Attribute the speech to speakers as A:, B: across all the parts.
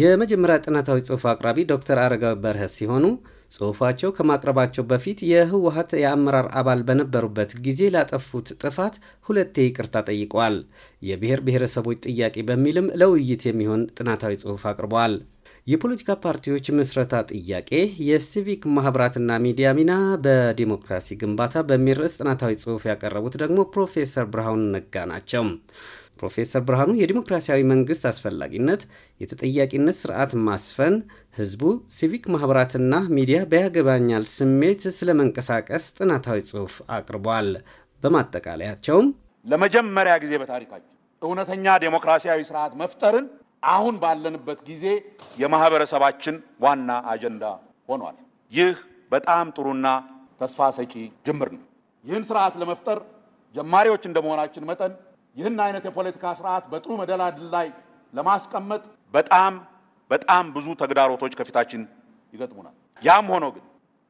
A: የመጀመሪያ ጥናታዊ ጽሑፍ አቅራቢ ዶክተር አረጋዊ በርሀ ሲሆኑ ጽሁፋቸው ከማቅረባቸው በፊት የህወሀት የአመራር አባል በነበሩበት ጊዜ ላጠፉት ጥፋት ሁለቴ ይቅርታ ጠይቀዋል። የብሔር ብሔረሰቦች ጥያቄ በሚልም ለውይይት የሚሆን ጥናታዊ ጽሑፍ አቅርበዋል። የፖለቲካ ፓርቲዎች ምስረታ ጥያቄ፣ የሲቪክ ማህበራትና ሚዲያ ሚና በዲሞክራሲ ግንባታ በሚል ርዕስ ጥናታዊ ጽሁፍ ያቀረቡት ደግሞ ፕሮፌሰር ብርሃኑ ነጋ ናቸው። ፕሮፌሰር ብርሃኑ የዲሞክራሲያዊ መንግስት አስፈላጊነት፣ የተጠያቂነት ስርዓት ማስፈን፣ ህዝቡ፣ ሲቪክ ማኅበራትና ሚዲያ በያገባኛል ስሜት ስለ መንቀሳቀስ ጥናታዊ ጽሑፍ አቅርቧል። በማጠቃለያቸውም ለመጀመሪያ ጊዜ በታሪካችን እውነተኛ ዴሞክራሲያዊ ስርዓት መፍጠርን አሁን ባለንበት
B: ጊዜ የማኅበረሰባችን ዋና አጀንዳ ሆኗል። ይህ በጣም ጥሩና ተስፋ ሰጪ ጅምር ነው። ይህን ስርዓት ለመፍጠር ጀማሪዎች እንደመሆናችን መጠን ይህን አይነት የፖለቲካ ስርዓት በጥሩ መደላድል ላይ ለማስቀመጥ በጣም በጣም ብዙ ተግዳሮቶች ከፊታችን ይገጥሙናል። ያም ሆኖ ግን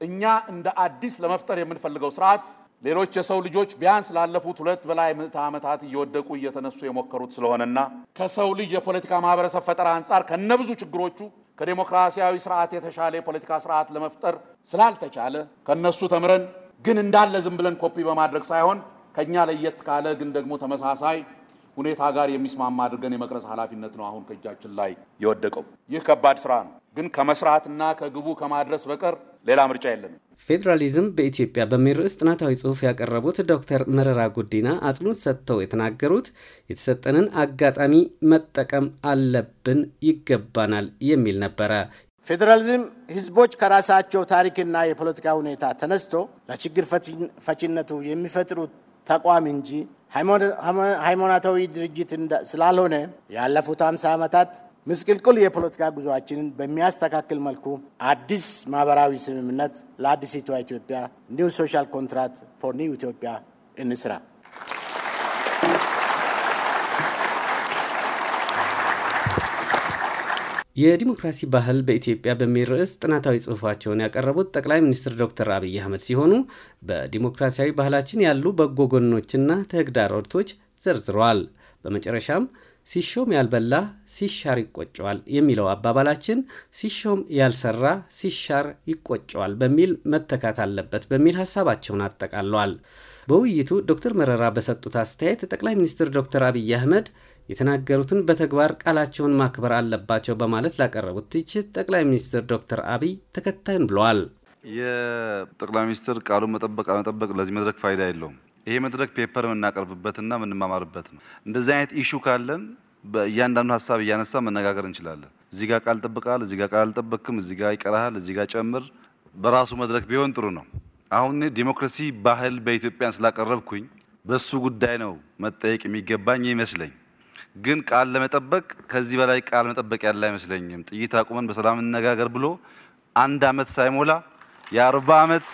B: እኛ እንደ አዲስ ለመፍጠር የምንፈልገው ስርዓት ሌሎች የሰው ልጆች ቢያንስ ላለፉት ሁለት በላይ ምዕተ ዓመታት እየወደቁ እየተነሱ የሞከሩት ስለሆነና ከሰው ልጅ የፖለቲካ ማህበረሰብ ፈጠራ አንጻር ከነብዙ ችግሮቹ ከዴሞክራሲያዊ ስርዓት የተሻለ የፖለቲካ ስርዓት ለመፍጠር ስላልተቻለ ከነሱ ተምረን ግን እንዳለ ዝም ብለን ኮፒ በማድረግ ሳይሆን ከኛ ለየት ካለ ግን ደግሞ ተመሳሳይ ሁኔታ ጋር የሚስማማ አድርገን የመቅረጽ ኃላፊነት ነው አሁን ከእጃችን ላይ የወደቀው። ይህ ከባድ ስራ ነው፣ ግን ከመስራትና ከግቡ ከማድረስ በቀር ሌላ ምርጫ የለንም።
A: ፌዴራሊዝም በኢትዮጵያ በሚል ርዕስ ጥናታዊ ጽሑፍ ያቀረቡት ዶክተር መረራ ጉዲና አጽንኦት ሰጥተው የተናገሩት የተሰጠንን አጋጣሚ መጠቀም አለብን፣ ይገባናል የሚል ነበረ። ፌዴራሊዝም
C: ህዝቦች ከራሳቸው ታሪክና የፖለቲካ ሁኔታ ተነስቶ ለችግር ፈቺነቱ የሚፈጥሩት ተቋም እንጂ ሃይማኖታዊ ድርጅት ስላልሆነ ያለፉት ሃምሳ ዓመታት ምስቅልቅል የፖለቲካ ጉዞችንን በሚያስተካክል መልኩ አዲስ ማህበራዊ ስምምነት ለአዲሲቷ ኢትዮጵያ ኒው ሶሻል ኮንትራክት ፎር ኒው ኢትዮጵያ እንስራ።
A: የዲሞክራሲ ባህል በኢትዮጵያ በሚል ርዕስ ጥናታዊ ጽሑፋቸውን ያቀረቡት ጠቅላይ ሚኒስትር ዶክተር አብይ አህመድ ሲሆኑ በዲሞክራሲያዊ ባህላችን ያሉ በጎ ጎኖችና ተግዳሮቶች ዘርዝረዋል። በመጨረሻም ሲሾም ያልበላ ሲሻር ይቆጨዋል የሚለው አባባላችን ሲሾም ያልሰራ ሲሻር ይቆጨዋል በሚል መተካት አለበት በሚል ሀሳባቸውን አጠቃለዋል። በውይይቱ ዶክተር መረራ በሰጡት አስተያየት ጠቅላይ ሚኒስትር ዶክተር አብይ አህመድ የተናገሩትን በተግባር ቃላቸውን ማክበር አለባቸው በማለት ላቀረቡት ትችት ጠቅላይ ሚኒስትር ዶክተር አብይ ተከታዩን ብለዋል።
D: የጠቅላይ ሚኒስትር ቃሉን መጠበቅ አለመጠበቅ ለዚህ መድረክ ፋይዳ የለውም። ይሄ መድረክ ፔፐር የምናቀርብበትና የምንማማርበት ነው። እንደዚህ አይነት ኢሹ ካለን በእያንዳንዱ ሀሳብ እያነሳ መነጋገር እንችላለን። እዚህ ጋር ቃል ጠብቃል፣ እዚህ ጋር ቃል አልጠበቅም፣ እዚህ ጋር ይቀራሃል፣ እዚህ ጋር ጨምር። በራሱ መድረክ ቢሆን ጥሩ ነው። አሁን ዲሞክራሲ ባህል በኢትዮጵያን ስላቀረብኩኝ በሱ ጉዳይ ነው መጠየቅ የሚገባኝ ይመስለኝ ግን ቃል ለመጠበቅ ከዚህ በላይ ቃል መጠበቅ ያለ አይመስለኝም። ጥይት አቁመን በሰላም እንነጋገር ብሎ አንድ አመት ሳይሞላ የአርባ አመት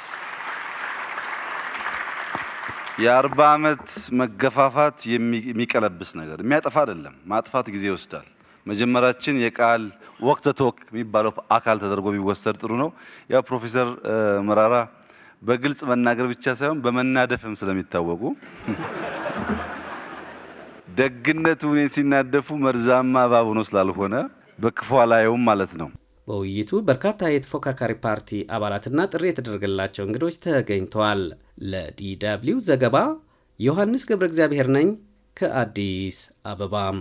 D: የአርባ አመት መገፋፋት የሚቀለብስ ነገር የሚያጠፋ አይደለም። ማጥፋት ጊዜ ይወስዳል። መጀመራችን የቃል ወቅት ቶክ የሚባለው አካል ተደርጎ ቢወሰድ ጥሩ ነው። ያው ፕሮፌሰር መራራ በግልጽ መናገር ብቻ ሳይሆን በመናደፍም ስለሚታወቁ ደግነቱ እኔ ሲናደፉ መርዛማ እባብ ሆኖ ስላልሆነ በክፉ
A: አላየውም ማለት ነው። በውይይቱ በርካታ የተፎካካሪ ፓርቲ አባላትና ጥሪ የተደረገላቸው እንግዶች ተገኝተዋል። ለዲደብሊው ዘገባ ዮሐንስ ገብረ እግዚአብሔር ነኝ ከአዲስ አበባም